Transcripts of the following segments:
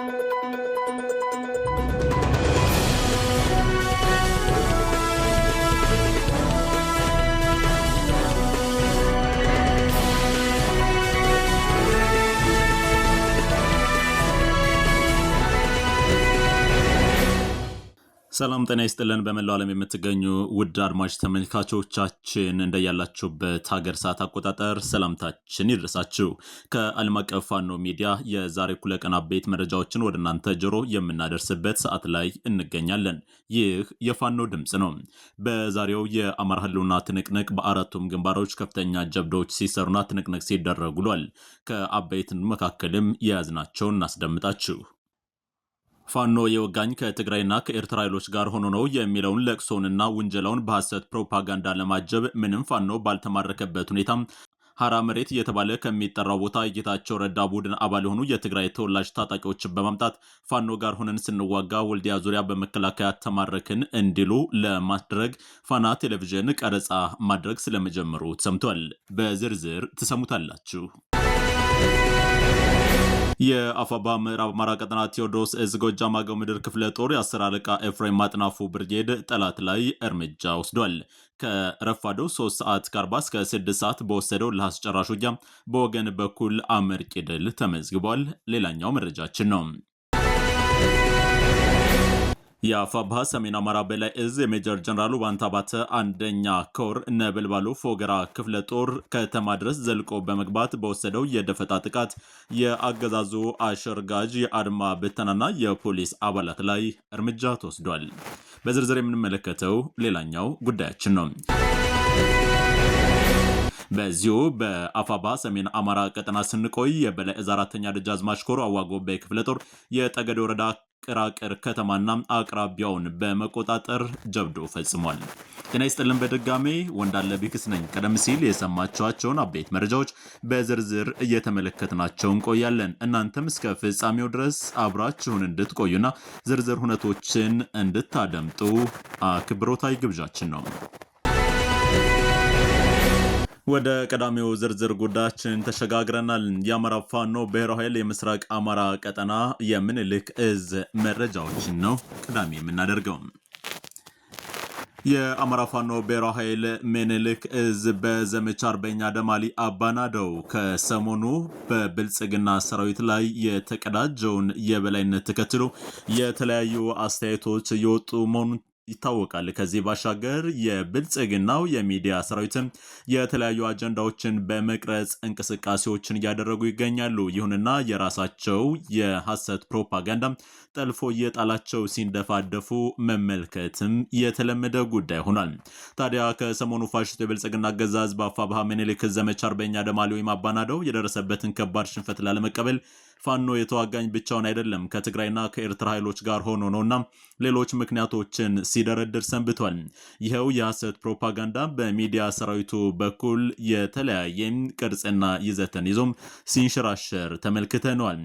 Thank you. ሰላም ጤና ይስጥልን። በመላው ዓለም የምትገኙ ውድ አድማጭ ተመልካቾቻችን እንደያላችሁበት ሀገር ሰዓት አቆጣጠር ሰላምታችን ይድረሳችሁ። ከዓለም አቀፍ ፋኖ ሚዲያ የዛሬ እኩለ ቀን አበይት መረጃዎችን ወደ እናንተ ጆሮ የምናደርስበት ሰዓት ላይ እንገኛለን። ይህ የፋኖ ድምፅ ነው። በዛሬው የአማራ ህልውና ትንቅንቅ በአራቱም ግንባሮች ከፍተኛ ጀብዶች ሲሰሩና ትንቅንቅ ሲደረጉ ውሏል። ከአበይት መካከልም የያዝናቸውን እናስደምጣችሁ። ፋኖ የወጋኝ ከትግራይና ከኤርትራ ኃይሎች ጋር ሆኖ ነው የሚለውን ለቅሶውንና ውንጀላውን በሐሰት ፕሮፓጋንዳ ለማጀብ ምንም ፋኖ ባልተማረከበት ሁኔታ ሐራ መሬት እየተባለ ከሚጠራው ቦታ የጌታቸው ረዳ ቡድን አባል የሆኑ የትግራይ ተወላጅ ታጣቂዎችን በማምጣት ፋኖ ጋር ሆነን ስንዋጋ ወልዲያ ዙሪያ በመከላከያ ተማረክን እንዲሉ ለማድረግ ፋና ቴሌቪዥን ቀረጻ ማድረግ ስለመጀመሩ ተሰምቷል በዝርዝር ትሰሙታላችሁ። የአፋባ ምዕራብ አማራ ቀጠና ቴዎድሮስ እዝ ጎጃም አገው ምድር ክፍለ ጦር የአስር አለቃ ኤፍሬም ማጥናፉ ብርጌድ ጠላት ላይ እርምጃ ወስዷል። ከረፋዶ 3 ሰዓት ከ40 እስከ 6 ሰዓት በወሰደው ለአስጨራሽ ውጊያ በወገን በኩል አመርቂ ድል ተመዝግቧል። ሌላኛው መረጃችን ነው። የአፋብሃ ሰሜን አማራ በላይ እዝ የሜጀር ጀነራሉ ባንታባተ አንደኛ ኮር ነበልባሉ ፎገራ ክፍለ ጦር ከተማ ድረስ ዘልቆ በመግባት በወሰደው የደፈጣ ጥቃት የአገዛዙ አሸርጋጅ የአድማ ብተናና የፖሊስ አባላት ላይ እርምጃ ተወስዷል። በዝርዝር የምንመለከተው ሌላኛው ጉዳያችን ነው። በዚሁ በአፋባ ሰሜን አማራ ቀጠና ስንቆይ የበላይ እዝ አራተኛ ደጃዝማች ኮር አዋጎባይ ክፍለ ጦር የጠገዴ ወረዳ ቅራቅር ከተማና አቅራቢያውን በመቆጣጠር ጀብዶ ፈጽሟል። ጤና ይስጥልን። በድጋሜ ወንዳለ ቢክስ ነኝ። ቀደም ሲል የሰማችኋቸውን አበይት መረጃዎች በዝርዝር እየተመለከትናቸው እንቆያለን። እናንተም እስከ ፍጻሜው ድረስ አብራችሁን እንድትቆዩና ዝርዝር ሁነቶችን እንድታደምጡ አክብሮታዊ ግብዣችን ነው። ወደ ቀዳሚው ዝርዝር ጉዳያችን ተሸጋግረናል። የአማራ ፋኖ ብሔራዊ ኃይል የምስራቅ አማራ ቀጠና የምኒልክ እዝ መረጃዎችን ነው ቅዳሜ የምናደርገው። የአማራ ፋኖ ብሔራዊ ኃይል ምኒልክ እዝ በዘመቻ አርበኛ ደማሊ አባናደው ከሰሞኑ በብልጽግና ሰራዊት ላይ የተቀዳጀውን የበላይነት ተከትሎ የተለያዩ አስተያየቶች የወጡ መሆኑን ይታወቃል። ከዚህ ባሻገር የብልጽግናው የሚዲያ ሰራዊትም የተለያዩ አጀንዳዎችን በመቅረጽ እንቅስቃሴዎችን እያደረጉ ይገኛሉ። ይሁንና የራሳቸው የሐሰት ፕሮፓጋንዳ ጠልፎ እየጣላቸው ሲንደፋደፉ መመልከትም የተለመደ ጉዳይ ሆኗል። ታዲያ ከሰሞኑ ፋሽስት የብልጽግና አገዛዝ በአፋብሃ ምኒልክ ዘመቻ አርበኛ ደማሊው አባናደው የደረሰበትን ከባድ ሽንፈት ላለመቀበል ፋኖ የተዋጋኝ ብቻውን አይደለም ከትግራይና ከኤርትራ ኃይሎች ጋር ሆኖ ነውና ሌሎች ምክንያቶችን ሲደረድር ሰንብቷል። ይኸው የሐሰት ፕሮፓጋንዳ በሚዲያ ሰራዊቱ በኩል የተለያየ ቅርጽና ይዘትን ይዞም ሲንሸራሸር ተመልክተነዋል።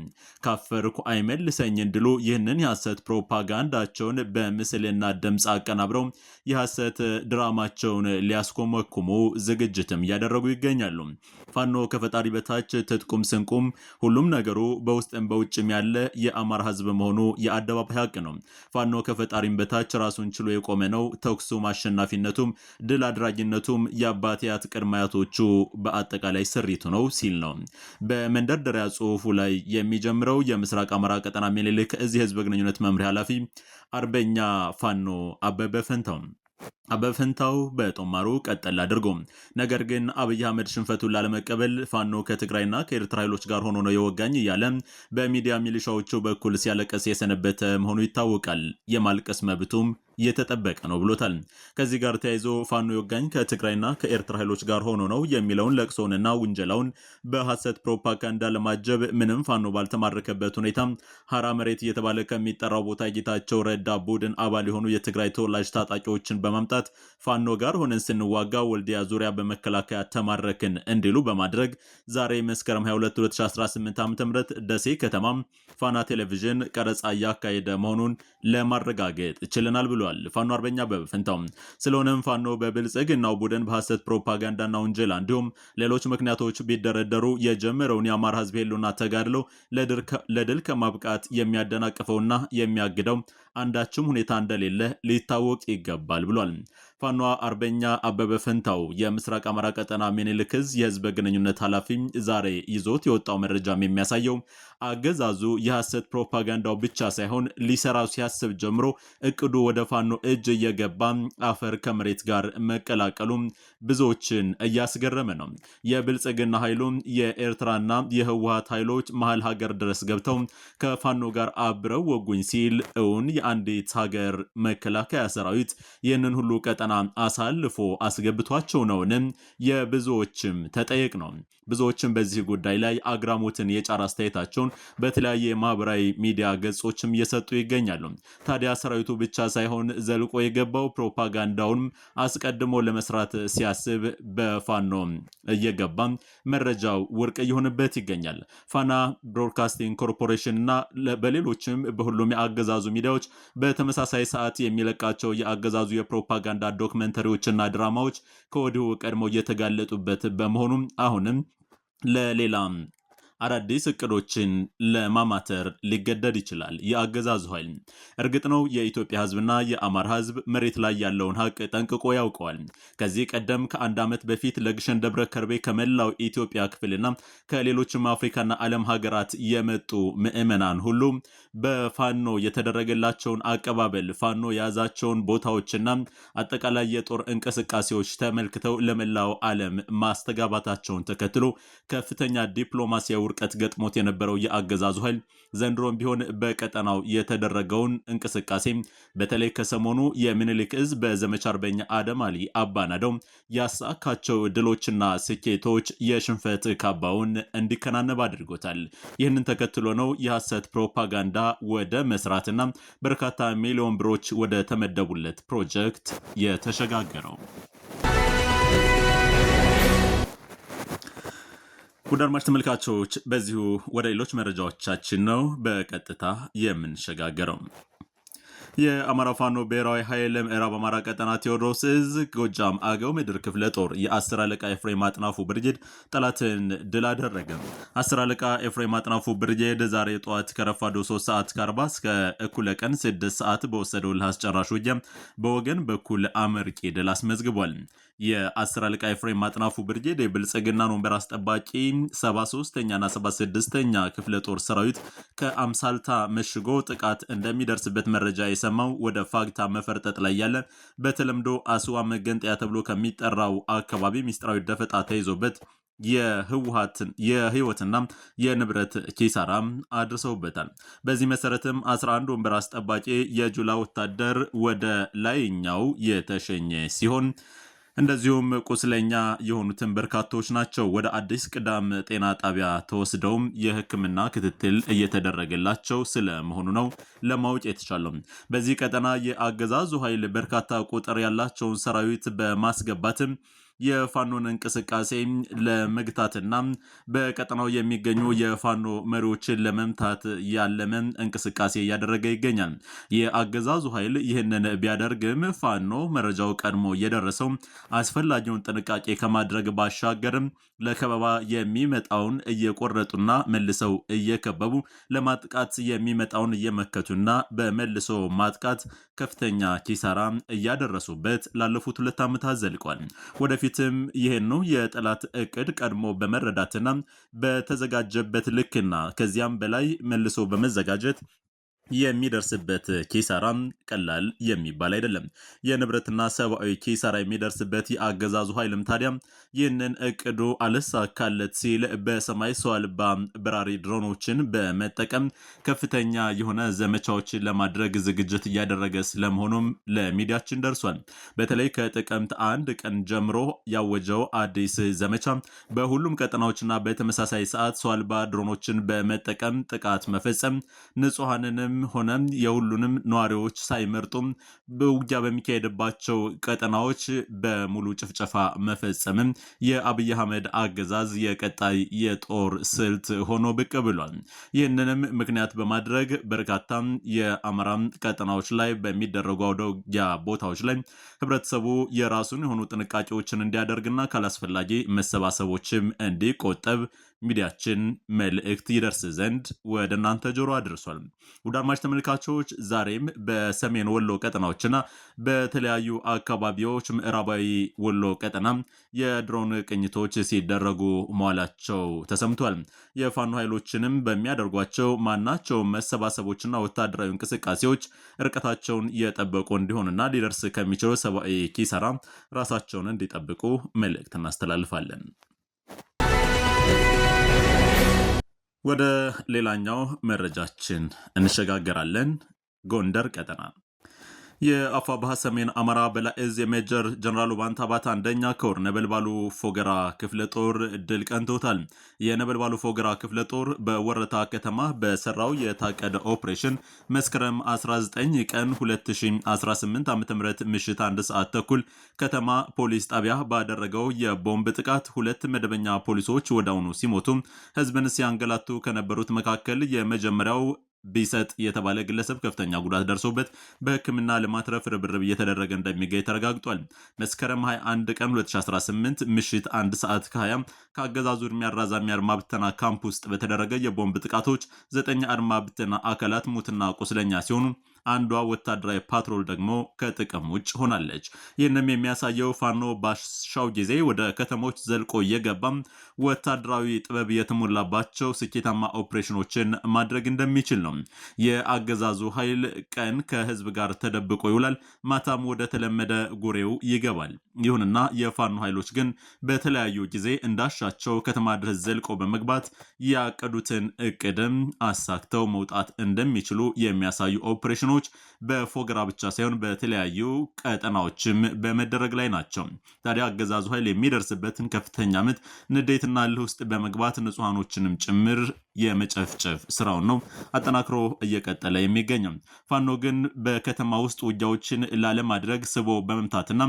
ካፈርኩ አይመልሰኝ እንድሉ ይህንን የሐሰት ፕሮፓጋንዳቸውን በምስልና ድምፅ አቀናብረው የሐሰት ድራማቸውን ሊያስኮመኩሙ ዝግጅትም እያደረጉ ይገኛሉ። ፋኖ ከፈጣሪ በታች ትጥቁም ስንቁም ሁሉም ነገሩ በውስጥም በውጭም ያለ የአማራ ህዝብ መሆኑ የአደባባይ ሀቅ ነው። ፋኖ ከፈጣሪም በታች ራሱን ችሎ የቆመ ነው። ተኩሱም አሸናፊነቱም ድል አድራጊነቱም የአባትያት ቅድማያቶቹ በአጠቃላይ ስሪቱ ነው ሲል ነው በመንደርደሪያ ጽሁፉ ላይ የሚጀምረው። የምስራቅ አማራ ቀጠና ምኒልክ እዚህ ህዝብ ግንኙነት መምሪያ ኃላፊ አርበኛ ፋኖ አበበ ፈንተው አበበ በጦማሩ ቀጠል አድርጎ ነገር ግን አብይ አህመድ ሽንፈቱን ላለመቀበል ፋኖ ከትግራይና ከኤርትራ ኃይሎች ጋር ሆኖ ነው የወጋኝ እያለ በሚዲያ ሚሊሻዎቹ በኩል ሲያለቀስ የሰነበተ መሆኑ ይታወቃል። የማልቀስ መብቱም የተጠበቀ ነው ብሎታል። ከዚህ ጋር ተያይዞ ፋኖ ወጋኝ ከትግራይና ከኤርትራ ኃይሎች ጋር ሆኖ ነው የሚለውን ለቅሶውንና ውንጀላውን በሐሰት ፕሮፓጋንዳ ለማጀብ ምንም ፋኖ ባልተማረከበት ሁኔታ ሀራ መሬት እየተባለ ከሚጠራው ቦታ ጌታቸው ረዳ ቡድን አባል የሆኑ የትግራይ ተወላጅ ታጣቂዎችን በማምጣት ፋኖ ጋር ሆነን ስንዋጋ ወልዲያ ዙሪያ በመከላከያ ተማረክን እንዲሉ በማድረግ ዛሬ መስከረም 22 2018 ዓ ም ደሴ ከተማም ፋና ቴሌቪዥን ቀረጻ እያካሄደ መሆኑን ለማረጋገጥ ችለናል ብሏል። ብሏል ፋኖ አርበኛ በበፈንታው። ስለሆነም ፋኖ በብልጽግናው ቡድን በሐሰት ፕሮፓጋንዳና ወንጀላ እንዲሁም ሌሎች ምክንያቶች ቢደረደሩ የጀመረውን የአማራ ህዝብ ህልውና ተጋድሎ ለድል ከማብቃት የሚያደናቅፈውና የሚያግደው አንዳችም ሁኔታ እንደሌለ ሊታወቅ ይገባል ብሏል። ፋኗ አርበኛ አበበ ፈንታው የምስራቅ አማራ ቀጠና ምኒልክ የህዝበ የህዝብ ግንኙነት ኃላፊ ዛሬ ይዞት የወጣው መረጃም የሚያሳየው አገዛዙ የሐሰት ፕሮፓጋንዳው ብቻ ሳይሆን ሊሰራው ሲያስብ ጀምሮ እቅዱ ወደ ፋኖ እጅ እየገባ አፈር ከመሬት ጋር መቀላቀሉ ብዙዎችን እያስገረመ ነው። የብልጽግና ኃይሉ የኤርትራና የህወሀት ኃይሎች መሀል ሀገር ድረስ ገብተው ከፋኖ ጋር አብረው ወጉኝ ሲል እውን የአንዲት ሀገር መከላከያ ሰራዊት ይህንን ሁሉ ቀጠና አሳልፎ አስገብቷቸው ነውን? የብዙዎችም ተጠየቅ ነው። ብዙዎችም በዚህ ጉዳይ ላይ አግራሞትን የጫር አስተያየታቸውን በተለያየ ማህበራዊ ሚዲያ ገጾችም እየሰጡ ይገኛሉ። ታዲያ ሰራዊቱ ብቻ ሳይሆን ዘልቆ የገባው ፕሮፓጋንዳውንም አስቀድሞ ለመስራት ሲያስብ በፋኖ እየገባ መረጃው ውርቅ እየሆነበት ይገኛል። ፋና ብሮድካስቲንግ ኮርፖሬሽን እና በሌሎችም በሁሉም የአገዛዙ ሚዲያዎች በተመሳሳይ ሰዓት የሚለቃቸው የአገዛዙ የፕሮፓጋንዳ ዶክመንተሪዎችና ድራማዎች ከወዲሁ ቀድሞ እየተጋለጡበት በመሆኑም አሁንም ለሌላ አዳዲስ እቅዶችን ለማማተር ሊገደድ ይችላል የአገዛዙ ኃይል። እርግጥ ነው የኢትዮጵያ ሕዝብና የአማራ ሕዝብ መሬት ላይ ያለውን ሀቅ ጠንቅቆ ያውቀዋል። ከዚህ ቀደም ከአንድ ዓመት በፊት ለግሸን ደብረ ከርቤ ከመላው ኢትዮጵያ ክፍልና ከሌሎችም አፍሪካና ዓለም ሀገራት የመጡ ምዕመናን ሁሉ በፋኖ የተደረገላቸውን አቀባበል ፋኖ የያዛቸውን ቦታዎችና አጠቃላይ የጦር እንቅስቃሴዎች ተመልክተው ለመላው ዓለም ማስተጋባታቸውን ተከትሎ ከፍተኛ ዲፕሎማሲያዊ ውርቀት ገጥሞት የነበረው የአገዛዙ ኃይል ዘንድሮም ቢሆን በቀጠናው የተደረገውን እንቅስቃሴ በተለይ ከሰሞኑ የምኒልክ እዝ በዘመቻ አርበኛ አደም አሊ አባናደው ያሳካቸው ድሎችና ስኬቶች የሽንፈት ካባውን እንዲከናነብ አድርጎታል። ይህንን ተከትሎ ነው የሐሰት ፕሮፓጋንዳ ወደ መስራትና በርካታ ሚሊዮን ብሮች ወደ ተመደቡለት ፕሮጀክት የተሸጋገረው። ውድ አድማጭ ተመልካቾች በዚሁ ወደ ሌሎች መረጃዎቻችን ነው በቀጥታ የምንሸጋገረው። የአማራ ፋኖ ብሔራዊ ኃይል ምዕራብ አማራ ቀጠና ቴዎድሮስ እዝ ጎጃም አገው ምድር ክፍለ ጦር የአስር አለቃ ኤፍሬም አጥናፉ ብርጅድ ጠላትን ድል አደረገ። አስር አለቃ ኤፍሬም አጥናፉ ብርጅድ ዛሬ ጠዋት ከረፋዶ 3 ሰዓት ከ40 እስከ እኩለ ቀን 6 ሰዓት በወሰደው እልህ አስጨራሽ ውጊያ በወገን በኩል አመርቂ ድል አስመዝግቧል። የአስር አለቃ ኤፍሬም አጥናፉ ብርጅድ የብልጽግና ወንበር አስጠባቂ 73ኛና 76ኛ ክፍለ ጦር ሰራዊት ከአምሳልታ መሽጎ ጥቃት እንደሚደርስበት መረጃ የሰማው ወደ ፋግታ መፈርጠጥ ላይ ያለ በተለምዶ አስዋ መገንጠያ ተብሎ ከሚጠራው አካባቢ ሚስጥራዊ ደፈጣ ተይዞበት የህይወትና የንብረት ኪሳራ አድርሰውበታል። በዚህ መሰረትም 11 ወንበር አስጠባቂ የጁላ ወታደር ወደ ላይኛው የተሸኘ ሲሆን እንደዚሁም ቁስለኛ የሆኑትን በርካታዎች ናቸው ወደ አዲስ ቅዳም ጤና ጣቢያ ተወስደውም የሕክምና ክትትል እየተደረገላቸው ስለመሆኑ ነው ለማወቅ የተቻለው። በዚህ ቀጠና የአገዛዙ ኃይል በርካታ ቁጥር ያላቸውን ሰራዊት በማስገባትም የፋኖን እንቅስቃሴ ለመግታትና በቀጠናው የሚገኙ የፋኖ መሪዎችን ለመምታት ያለመ እንቅስቃሴ እያደረገ ይገኛል። የአገዛዙ ኃይል ይህንን ቢያደርግም ፋኖ መረጃው ቀድሞ የደረሰው አስፈላጊውን ጥንቃቄ ከማድረግ ባሻገርም ለከበባ የሚመጣውን እየቆረጡና መልሰው እየከበቡ ለማጥቃት የሚመጣውን እየመከቱና በመልሶ ማጥቃት ከፍተኛ ኪሳራ እያደረሱበት ላለፉት ሁለት ዓመታት ዘልቋል። ወደፊት ወደፊትም ነው የጠላት እቅድ ቀድሞ በመረዳትና በተዘጋጀበት ልክና ከዚያም በላይ መልሶ በመዘጋጀት የሚደርስበት ኪሳራም ቀላል የሚባል አይደለም። የንብረትና ሰብአዊ ኪሳራ የሚደርስበት የአገዛዙ ኃይልም ታዲያም ይህንን እቅዱ አልሳካለት ሲል በሰማይ ሰው አልባ በራሪ ድሮኖችን በመጠቀም ከፍተኛ የሆነ ዘመቻዎችን ለማድረግ ዝግጅት እያደረገ ስለመሆኑም ለሚዲያችን ደርሷል። በተለይ ከጥቅምት አንድ ቀን ጀምሮ ያወጀው አዲስ ዘመቻ በሁሉም ቀጠናዎችና በተመሳሳይ ሰዓት ሰው አልባ ድሮኖችን በመጠቀም ጥቃት መፈጸም ንጹሐንንም ሆነ የሁሉንም ነዋሪዎች ሳይመርጡም በውጊያ በሚካሄድባቸው ቀጠናዎች በሙሉ ጭፍጨፋ መፈጸምም የአብይ አህመድ አገዛዝ የቀጣይ የጦር ስልት ሆኖ ብቅ ብሏል። ይህንንም ምክንያት በማድረግ በርካታ የአማራ ቀጠናዎች ላይ በሚደረጉ አውደ ውጊያ ቦታዎች ላይ ህብረተሰቡ የራሱን የሆኑ ጥንቃቄዎችን እንዲያደርግና ካላስፈላጊ መሰባሰቦችም እንዲቆጠብ ሚዲያችን መልእክት ይደርስ ዘንድ ወደ እናንተ ጆሮ አድርሷል። ውድ አድማጭ ተመልካቾች ዛሬም በሰሜን ወሎ ቀጠናዎችና በተለያዩ አካባቢዎች ምዕራባዊ ወሎ ቀጠና የድሮን ቅኝቶች ሲደረጉ መዋላቸው ተሰምቷል። የፋኖ ኃይሎችንም በሚያደርጓቸው ማናቸው መሰባሰቦችና ወታደራዊ እንቅስቃሴዎች ርቀታቸውን የጠበቁ እንዲሆንና ሊደርስ ከሚችለው ሰብአዊ ኪሳራ ራሳቸውን እንዲጠብቁ መልእክት እናስተላልፋለን። ወደ ሌላኛው መረጃችን እንሸጋገራለን። ጎንደር ቀጠና ባህ ሰሜን አማራ በላይ የሜጀር ጀነራል ባንታባት አንደኛ ከወር ነበልባሉ ፎገራ ክፍለ ጦር ድል ቀንቶታል። የነበልባሉ ፎገራ ክፍለ ጦር በወረታ ከተማ በሰራው የታቀደ ኦፕሬሽን መስከረም 19 ቀን 2018 ዓ ም ምሽት አንድ ሰዓት ተኩል ከተማ ፖሊስ ጣቢያ ባደረገው የቦምብ ጥቃት ሁለት መደበኛ ፖሊሶች ወዳውኑ ሲሞቱ ህዝብን ሲያንገላቱ ከነበሩት መካከል የመጀመሪያው ቢሰጥ የተባለ ግለሰብ ከፍተኛ ጉዳት ደርሶበት በሕክምና ለማትረፍ ርብርብ እየተደረገ እንደሚገኝ ተረጋግጧል። መስከረም 21 ቀን 2018 ምሽት አንድ ሰዓት ከ20 ከአገዛዙ እድሜ አራዛሚ አድማ ብተና ካምፕ ውስጥ በተደረገ የቦምብ ጥቃቶች ዘጠኝ አድማ ብተና አካላት ሙትና ቁስለኛ ሲሆኑ አንዷ ወታደራዊ ፓትሮል ደግሞ ከጥቅም ውጭ ሆናለች። ይህንም የሚያሳየው ፋኖ ባሻው ጊዜ ወደ ከተሞች ዘልቆ እየገባም ወታደራዊ ጥበብ የተሞላባቸው ስኬታማ ኦፕሬሽኖችን ማድረግ እንደሚችል ነው። የአገዛዙ ኃይል ቀን ከህዝብ ጋር ተደብቆ ይውላል፣ ማታም ወደ ተለመደ ጉሬው ይገባል። ይሁንና የፋኖ ኃይሎች ግን በተለያዩ ጊዜ እንዳሻቸው ከተማ ድረስ ዘልቆ በመግባት ያቀዱትን እቅድም አሳክተው መውጣት እንደሚችሉ የሚያሳዩ ኦፕሬሽኖች ክንውኖች በፎገራ ብቻ ሳይሆን በተለያዩ ቀጠናዎችም በመደረግ ላይ ናቸው። ታዲያ አገዛዙ ኃይል የሚደርስበትን ከፍተኛ ምት ንዴትና ልህ ውስጥ በመግባት ንጹሐኖችንም ጭምር የመጨፍጨፍ ስራውን ነው አጠናክሮ እየቀጠለ የሚገኘው። ፋኖ ግን በከተማ ውስጥ ውጊያዎችን ላለማድረግ ስቦ በመምታትና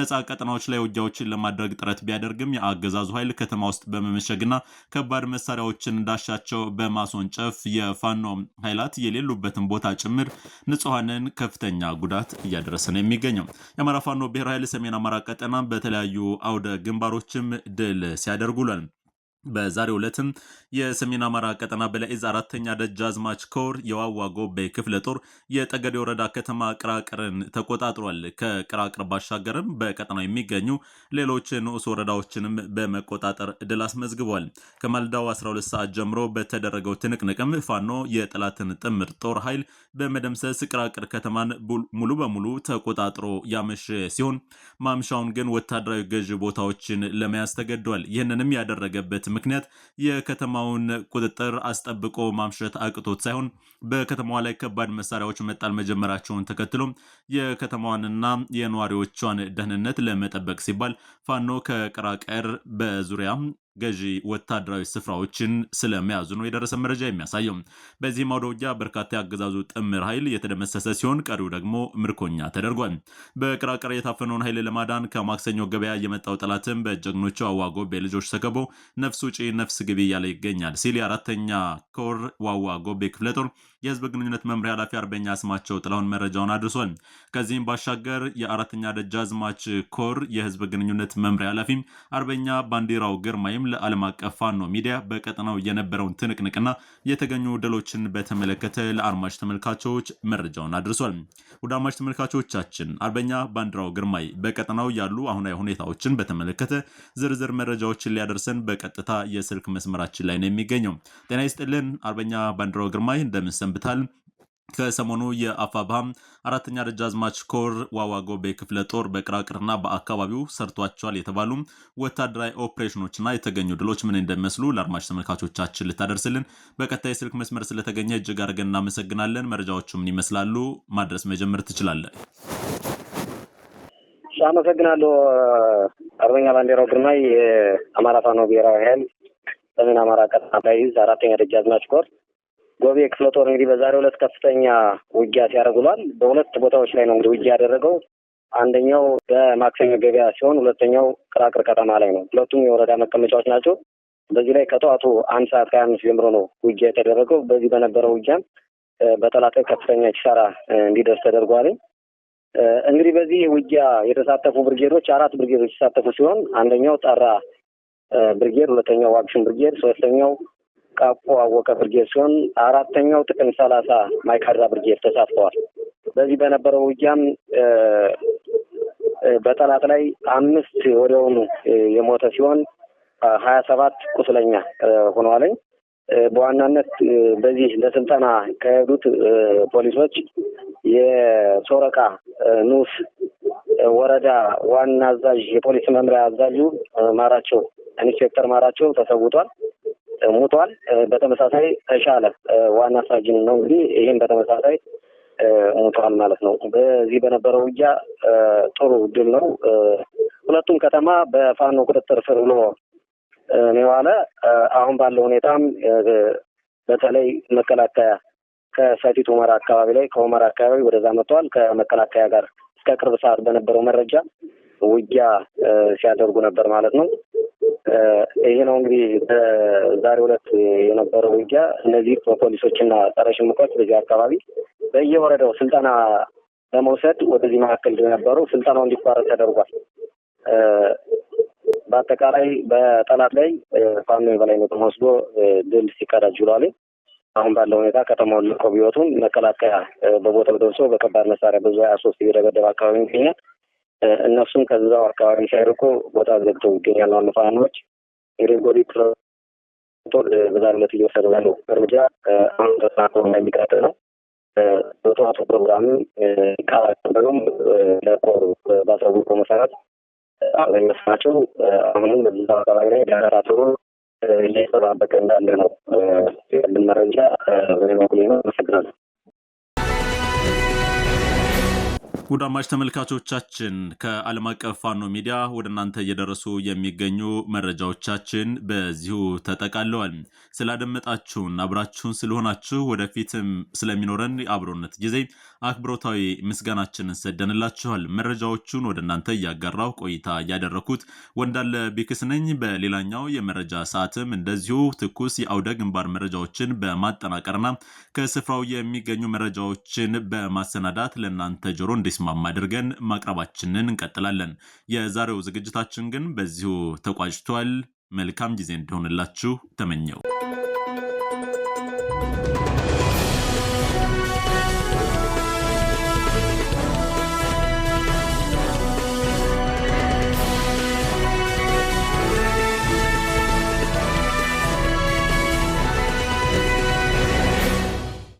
ነፃ ቀጠናዎች ላይ ውጊያዎችን ለማድረግ ጥረት ቢያደርግም የአገዛዙ ኃይል ከተማ ውስጥ በመመሸግና ከባድ መሳሪያዎችን እንዳሻቸው በማስወንጨፍ የፋኖ ኃይላት የሌሉበትን ቦታ ጭምር ንጹሐንን ከፍተኛ ጉዳት እያደረሰ ነው የሚገኘው። የአማራ ፋኖ ብሔራዊ ኃይል ሰሜን አማራ ቀጠና በተለያዩ አውደ ግንባሮችም ድል ሲያደርጉ በዛሬው ዕለትም የሰሜን አማራ ቀጠና በለኢዝ አራተኛ ደጃዝማች ኮር የዋዋ ጎቤ ክፍለ ጦር የጠገዴ ወረዳ ከተማ ቅራቅርን ተቆጣጥሯል። ከቅራቅር ባሻገርም በቀጠናው የሚገኙ ሌሎች ንዑስ ወረዳዎችንም በመቆጣጠር ድል አስመዝግቧል። ከማልዳው 12 ሰዓት ጀምሮ በተደረገው ትንቅንቅም ፋኖ የጠላትን ጥምር ጦር ኃይል በመደምሰስ ቅራቅር ከተማን ሙሉ በሙሉ ተቆጣጥሮ ያመሸ ሲሆን ማምሻውን ግን ወታደራዊ ገዢ ቦታዎችን ለመያዝ ተገዷል። ይህንንም ያደረገበት ምክንያት የከተማውን ቁጥጥር አስጠብቆ ማምሸት አቅቶት ሳይሆን በከተማዋ ላይ ከባድ መሳሪያዎች መጣል መጀመራቸውን ተከትሎ የከተማዋንና የነዋሪዎቿን ደህንነት ለመጠበቅ ሲባል ፋኖ ከቀራቀር በዙሪያ ገዢ ወታደራዊ ስፍራዎችን ስለመያዙ ነው የደረሰ መረጃ የሚያሳየው። በዚህም አውደ ውጊያ በርካታ የአገዛዙ ጥምር ኃይል የተደመሰሰ ሲሆን ቀሪው ደግሞ ምርኮኛ ተደርጓል። በቅራቅር የታፈነውን ኃይል ለማዳን ከማክሰኞ ገበያ የመጣው ጠላትም በጀግኖቹ አዋጎቤ ልጆች ተከቦ ነፍስ ውጪ ነፍስ ግቢ እያለ ይገኛል ሲል የአራተኛ ኮር ዋዋጎቤ ጎቤ ክፍለ ጦር የህዝብ ግንኙነት መምሪያ ኃላፊ አርበኛ ስማቸው ጥላሁን መረጃውን አድርሷል። ከዚህም ባሻገር የአራተኛ ደጃዝማች ኮር የህዝብ ግንኙነት መምሪያ ኃላፊ አርበኛ ባንዲራው ግርማይም በተለይም ለዓለም አቀፍ ፋኖ ሚዲያ በቀጠናው የነበረውን ትንቅንቅና የተገኙ ድሎችን በተመለከተ ለአድማጭ ተመልካቾች መረጃውን አድርሷል። ወደ አድማጭ ተመልካቾቻችን አርበኛ ባንዲራው ግርማይ በቀጠናው ያሉ አሁናዊ ሁኔታዎችን በተመለከተ ዝርዝር መረጃዎችን ሊያደርሰን በቀጥታ የስልክ መስመራችን ላይ ነው የሚገኘው። ጤና ይስጥልን አርበኛ ባንዲራው ግርማይ እንደምንሰንብታል? ከሰሞኑ የአፋብሃም አራተኛ ደጃዝማች ኮር ዋዋጎቤ ክፍለ ጦር በቅራቅርና በአካባቢው ሰርቷቸዋል የተባሉ ወታደራዊ ኦፕሬሽኖችና የተገኙ ድሎች ምን እንደሚመስሉ ለአድማጭ ተመልካቾቻችን ልታደርስልን በቀጣይ ስልክ መስመር ስለተገኘ እጅግ አድርገን እናመሰግናለን። መረጃዎቹ ምን ይመስላሉ? ማድረስ መጀመር ትችላለን። አመሰግናለሁ። አርበኛ ባንዲራው ግርማይ የአማራ ፋኖ ብሔራዊ ኃይል ሰሜን አማራ ቀጠና ላይ አራተኛ ደጃዝማች ኮር ጎቤ ክፍለ ጦር እንግዲህ በዛሬ ሁለት ከፍተኛ ውጊያ ሲያደርጉሏል። በሁለት ቦታዎች ላይ ነው እንግዲህ ውጊያ ያደረገው። አንደኛው በማክሰኞ ገበያ ሲሆን ሁለተኛው ቅራቅር ከተማ ላይ ነው። ሁለቱም የወረዳ መቀመጫዎች ናቸው። በዚህ ላይ ከጠዋቱ አንድ ሰዓት ከሀያ አምስት ጀምሮ ነው ውጊያ የተደረገው። በዚህ በነበረው ውጊያም በጠላት ላይ ከፍተኛ ኪሳራ እንዲደርስ ተደርጓል። እንግዲህ በዚህ ውጊያ የተሳተፉ ብርጌዶች አራት ብርጌዶች የተሳተፉ ሲሆን አንደኛው ጠራ ብርጌድ፣ ሁለተኛው ዋግሽን ብርጌድ፣ ሶስተኛው ቃቆ አወቀ ብርጌድ ሲሆን አራተኛው ጥቅም ሰላሳ ማይካድራ ብርጌድ ተሳትፈዋል። በዚህ በነበረው ውጊያም በጠላት ላይ አምስት ወዲያውኑ የሞተ ሲሆን ሀያ ሰባት ቁስለኛ ሆነዋለኝ። በዋናነት በዚህ ለስልጠና ከሄዱት ፖሊሶች የሶረቃ ኑስ ወረዳ ዋና አዛዥ የፖሊስ መምሪያ አዛዡ ማራቸው ኢንስፔክተር ማራቸው ተሰውቷል። ሙቷል። በተመሳሳይ ተሻለ ዋና ሳጅን ነው እንግዲህ ይህም በተመሳሳይ ሙቷል ማለት ነው። በዚህ በነበረው ውጊያ ጥሩ ድል ነው። ሁለቱም ከተማ በፋኖ ቁጥጥር ስር ብሎ የዋለ አሁን ባለው ሁኔታም በተለይ መከላከያ ከሰቲት ሁመራ አካባቢ ላይ ከሁመራ አካባቢ ወደዛ መጥተዋል። ከመከላከያ ጋር እስከ ቅርብ ሰዓት በነበረው መረጃ ውጊያ ሲያደርጉ ነበር ማለት ነው። ይሄ ነው እንግዲህ በዛሬ ሁለት የነበረው ውጊያ። እነዚህ ፖሊሶችና ጸረ ሽምቆች በዚህ አካባቢ በየወረዳው ስልጠና ለመውሰድ ወደዚህ መካከል ነበሩ። ስልጠናው እንዲቋረጥ ተደርጓል። በአጠቃላይ በጠላት ላይ ፋኖ የበላይነቱን ወስዶ ድል ሲቀዳጅ ውሏል። አሁን ባለው ሁኔታ ከተማውን ልቆ ቢወቱም መከላከያ በቦታው ደርሶ በከባድ መሳሪያ ብዙ ሀያ ሶስት እየደበደበ አካባቢ ይገኛል። እነሱም ከዛው አካባቢ ሳይርቁ ቦታ ዘግተው ይገኛሉ። አሉ ፋኖች ሪጎሪ ፕሮቶል በዛሬው እየወሰዱ ያሉ እርምጃ አሁን ተጠናክሮ እንደሚቀጥል ነው። በጠዋቱ ፕሮግራም ቃል አቀበሉም ለቆሩ ባሳወቁ መሰረት አብዛኞቹ አሁንም በዛው አካባቢ ላይ ዳራ ጥሩ እየተጠባበቀ እንዳለ ነው ያለን መረጃ። በሌላ በኩል ነው። አመሰግናለሁ። ውድ አድማጭ ተመልካቾቻችን ከዓለም አቀፍ ፋኖ ሚዲያ ወደ እናንተ እየደረሱ የሚገኙ መረጃዎቻችን በዚሁ ተጠቃለዋል። ስላደመጣችሁን፣ አብራችሁን ስለሆናችሁ፣ ወደፊትም ስለሚኖረን የአብሮነት ጊዜ አክብሮታዊ ምስጋናችንን ሰደንላችኋል። መረጃዎቹን ወደ እናንተ እያጋራሁ ቆይታ እያደረኩት ወንዳለ ቢክስ ነኝ። በሌላኛው የመረጃ ሰዓትም እንደዚሁ ትኩስ የአውደ ግንባር መረጃዎችን በማጠናቀርና ከስፍራው የሚገኙ መረጃዎችን በማሰናዳት ለእናንተ ጆሮ እንዲስ እንዲስማማ አድርገን ማቅረባችንን እንቀጥላለን። የዛሬው ዝግጅታችን ግን በዚሁ ተቋጭቷል። መልካም ጊዜ እንደሆንላችሁ ተመኘው።